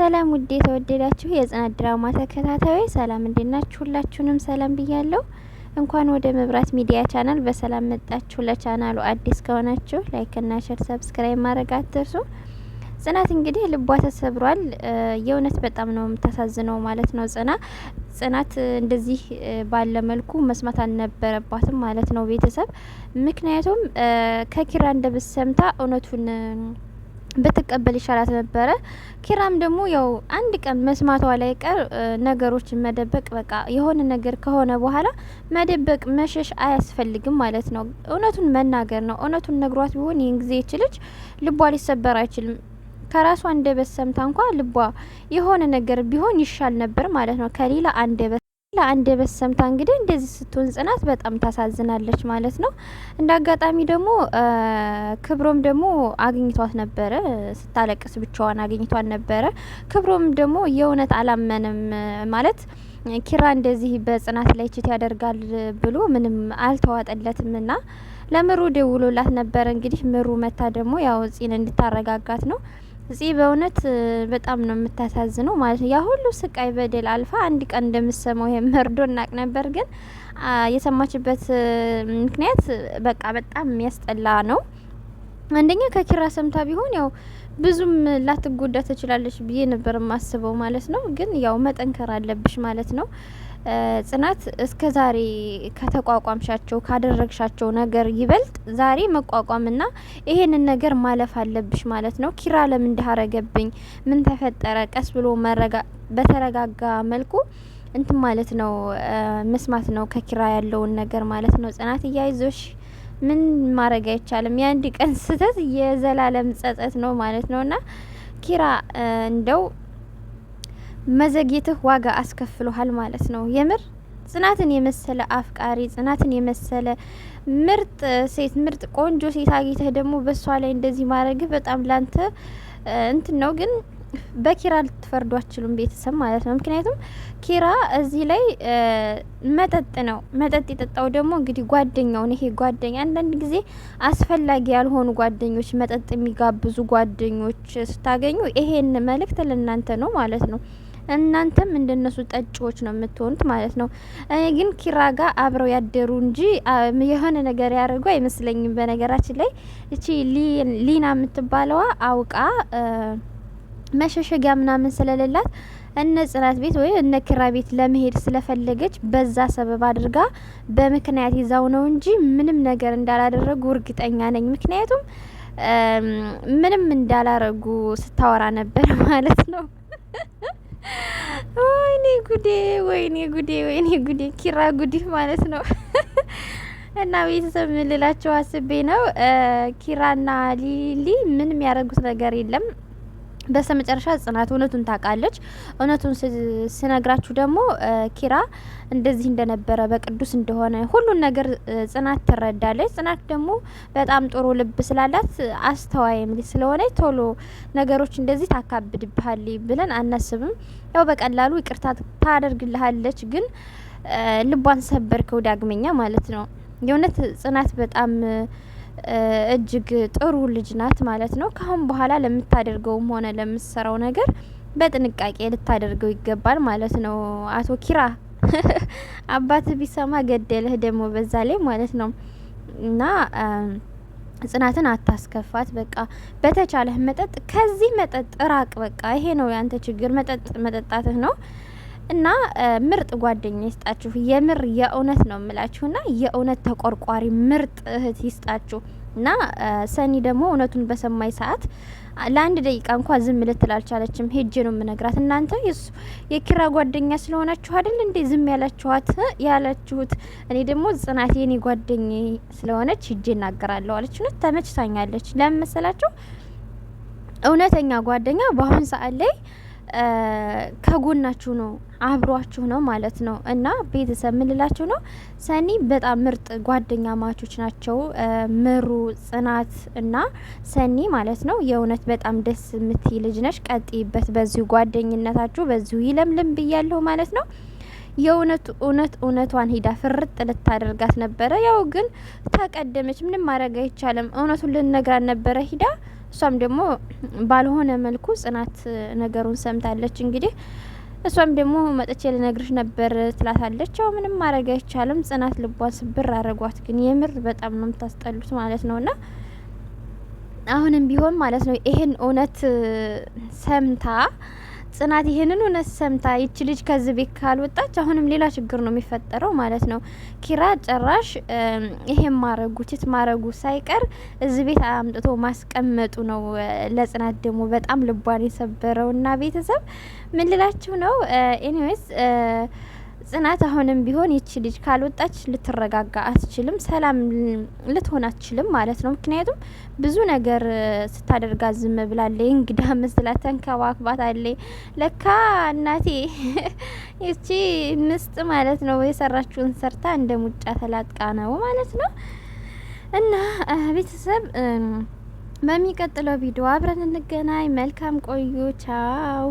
ሰላም ውድ የተወደዳችሁ የጽናት ድራማ ተከታታዮች ሰላም እንድናችሁ፣ ሁላችሁንም ሰላም ብያለሁ። እንኳን ወደ መብራት ሚዲያ ቻናል በሰላም መጣችሁ። ለቻናሉ አዲስ ከሆናችሁ ላይክና ሸር፣ ሰብስክራይብ ማድረግ አትርሱ። ጽናት እንግዲህ ልቧ ተሰብሯል። የእውነት በጣም ነው የምታሳዝነው ማለት ነው። ጽና ጽናት እንደዚህ ባለ መልኩ መስማት አልነበረባትም ማለት ነው ቤተሰብ ምክንያቱም ከኪራ እንደብት ሰምታ እውነቱን ብትቀበል ይሻላት ነበረ። ኪራም ደግሞ ያው አንድ ቀን መስማቷ ላይ ቀር ነገሮችን መደበቅ በቃ የሆነ ነገር ከሆነ በኋላ መደበቅ መሸሽ አያስፈልግም ማለት ነው። እውነቱን መናገር ነው። እውነቱን ነግሯት ቢሆን ይህን ጊዜ ይችልች ልቧ ሊሰበር አይችልም። ከራሷ አንደበት ሰምታ እንኳ ልቧ የሆነ ነገር ቢሆን ይሻል ነበር ማለት ነው ከሌላ አንደበት ለአንደበት የበሰምታ እንግዲህ እንደዚህ ስትሆን ጽናት በጣም ታሳዝናለች ማለት ነው። እንደ አጋጣሚ ደግሞ ክብሮም ደግሞ አግኝቷት ነበረ። ስታለቅስ ብቻዋን አግኝቷት ነበረ። ክብሮም ደግሞ የእውነት አላመንም ማለት ኪራ እንደዚህ በጽናት ላይ ችት ያደርጋል ብሎ ምንም አልተዋጠለትም ና ለምሩ ደውሎላት ነበረ። እንግዲህ ምሩ መታ ደግሞ ያው ጺን እንድታረጋጋት ነው እዚህ በእውነት በጣም ነው የምታሳዝነው ማለት ነው። ያ ሁሉ ስቃይ በደል አልፋ አንድ ቀን እንደምሰማው ይሄ መርዶ እናቅ ነበር፣ ግን የሰማችበት ምክንያት በቃ በጣም የሚያስጠላ ነው። አንደኛ ከኪራ ሰምታ ቢሆን ያው ብዙም ላትጎዳ ትችላለች ብዬ ነበር የማስበው ማለት ነው። ግን ያው መጠንከር አለብሽ ማለት ነው። ጽናት እስከ ዛሬ ከተቋቋምሻቸው ካደረግሻቸው ነገር ይበልጥ ዛሬ መቋቋምና ይሄንን ነገር ማለፍ አለብሽ ማለት ነው። ኪራ ለምን እንዳረገብኝ ምን ተፈጠረ፣ ቀስ ብሎ በተረጋጋ መልኩ እንትን ማለት ነው መስማት ነው ከኪራ ያለውን ነገር ማለት ነው። ጽናት እያይዞሽ ምን ማድረግ አይቻልም። የአንድ ቀን ስህተት የዘላለም ጸጸት ነው ማለት ነው እና ኪራ እንደው መዘግየትህ ዋጋ አስከፍሎሃል ማለት ነው። የምር ጽናትን የመሰለ አፍቃሪ፣ ጽናትን የመሰለ ምርጥ ሴት፣ ምርጥ ቆንጆ ሴት አግኝተህ ደግሞ በእሷ ላይ እንደዚህ ማድረግህ በጣም ላንተ እንትን ነው ግን በኪራ ልትፈርዱ ቤተሰብ ማለት ነው። ምክንያቱም ኪራ እዚህ ላይ መጠጥ ነው መጠጥ የጠጣው ደግሞ እንግዲህ ጓደኛውን ይሄ ጓደኛ አንዳንድ ጊዜ አስፈላጊ ያልሆኑ ጓደኞች፣ መጠጥ የሚጋብዙ ጓደኞች ስታገኙ ይሄን መልእክት ለእናንተ ነው ማለት ነው። እናንተም እንደነሱ ጠጪዎች ነው የምትሆኑት ማለት ነው። እኔ ግን ኪራ ጋር አብረው ያደሩ እንጂ የሆነ ነገር ያደርጉ አይመስለኝም። በነገራችን ላይ እቺ ሊና የምትባለዋ አውቃ መሸሸጊያ ምናምን ስለሌላት እነ ጽናት ቤት ወይ እነ ኪራ ቤት ለመሄድ ስለፈለገች በዛ ሰበብ አድርጋ በምክንያት ይዛው ነው እንጂ ምንም ነገር እንዳላደረጉ እርግጠኛ ነኝ። ምክንያቱም ምንም እንዳላረጉ ስታወራ ነበር ማለት ነው። ወይኔ ጉዴ፣ ወይኔ ጉዴ፣ ወይኔ ጉዴ፣ ኪራ ጉዴ ማለት ነው። እና ቤተሰብ ምን አስቤ ነው ኪራና ሊሊ ምንም ያደረጉት ነገር የለም። በስተ መጨረሻ ጽናት እውነቱን ታውቃለች። እውነቱን ስነግራችሁ ደግሞ ኪራ እንደዚህ እንደነበረ በቅዱስ እንደሆነ ሁሉን ነገር ጽናት ትረዳለች። ጽናት ደግሞ በጣም ጥሩ ልብ ስላላት አስተዋይም ስለሆነ ቶሎ ነገሮች እንደዚህ ታካብድብሃል ብለን አናስብም። ያው በቀላሉ ይቅርታ ታደርግልሃለች። ግን ልቧን ሰበርከው ዳግመኛ ማለት ነው። የእውነት ጽናት በጣም እጅግ ጥሩ ልጅ ናት ማለት ነው። ካሁን በኋላ ለምታደርገውም ሆነ ለምትሰራው ነገር በጥንቃቄ ልታደርገው ይገባል ማለት ነው። አቶ ኪራ አባት ቢሰማ ገደለህ ደግሞ በዛ ላይ ማለት ነው እና ጽናትን አታስከፋት። በቃ በተቻለህ መጠጥ ከዚህ መጠጥ ራቅ። በቃ ይሄ ነው ያንተ ችግር፣ መጠጥ መጠጣትህ ነው። እና ምርጥ ጓደኛ ይስጣችሁ። የምር የእውነት ነው የምላችሁ እና የእውነት ተቆርቋሪ ምርጥ እህት ይስጣችሁ። እና ሰኒ ደግሞ እውነቱን በሰማይ ሰዓት ለአንድ ደቂቃ እንኳ ዝም ልትል አልቻለችም። ሄጄ ነው የምነግራት። እናንተ የኪራ ጓደኛ ስለሆናችሁ አይደል እንዴ ዝም ያላችኋት ያላችሁት? እኔ ደግሞ ጽናት የኔ ጓደኛ ስለሆነች ሄጄ እናገራለሁ አለች። እውነት ተመችታኛለች። ለምን መሰላችሁ? እውነተኛ ጓደኛ በአሁን ሰዓት ላይ ከጎናችሁ ነው፣ አብሯችሁ ነው ማለት ነው። እና ቤተሰብ የምንላችሁ ነው ሰኒ በጣም ምርጥ ጓደኛ ማቾች ናቸው። ምሩ ጽናት እና ሰኒ ማለት ነው። የእውነት በጣም ደስ የምትይ ልጅ ነች። ቀጥይበት በዚሁ ጓደኝነታችሁ በዚሁ ይለምልም ብያለሁ ማለት ነው። የእውነት እውነት እውነቷን ሂዳ ፍርጥ ልታደርጋት ነበረ። ያው ግን ተቀደመች። ምንም ማድረግ አይቻልም። እውነቱን ልንነግራን ነበረ ሂዳ እሷም ደግሞ ባልሆነ መልኩ ጽናት ነገሩን ሰምታለች። እንግዲህ እሷም ደግሞ መጥቼ ልነግርሽ ነበር ትላታለች። ያው ምንም ማድረግ አይቻልም። ጽናት ልቧን ስብር አረጓት። ግን የምር በጣም ነው የምታስጠሉት ማለት ነውና አሁንም ቢሆን ማለት ነው ይሄን እውነት ሰምታ ጽናት ይሄንን እውነት ሰምታ ይቺ ልጅ ከዚህ ቤት ካልወጣች አሁንም ሌላ ችግር ነው የሚፈጠረው ማለት ነው። ኪራ ጭራሽ ይሄን ማረጉ ችት ማረጉ ሳይቀር እዚህ ቤት አምጥቶ ማስቀመጡ ነው ለጽናት ደግሞ በጣም ልቧን የሰበረው እና ቤተሰብ ምን ልላችሁ ነው ኤኒዌይስ ጽናት አሁንም ቢሆን ይቺ ልጅ ካልወጣች ልትረጋጋ አትችልም፣ ሰላም ልትሆን አትችልም ማለት ነው። ምክንያቱም ብዙ ነገር ስታደርጋ ዝም ብላለች። እንግዳ መስላ ተንከባክባት አለ። ለካ እናቴ ይቺ ምስጥ ማለት ነው የሰራችውን ሰርታ እንደ ሙጫ ተላጥቃ ነው ማለት ነው። እና ቤተሰብ በሚቀጥለው ቪዲዮ አብረን እንገናኝ። መልካም ቆዩ። ቻው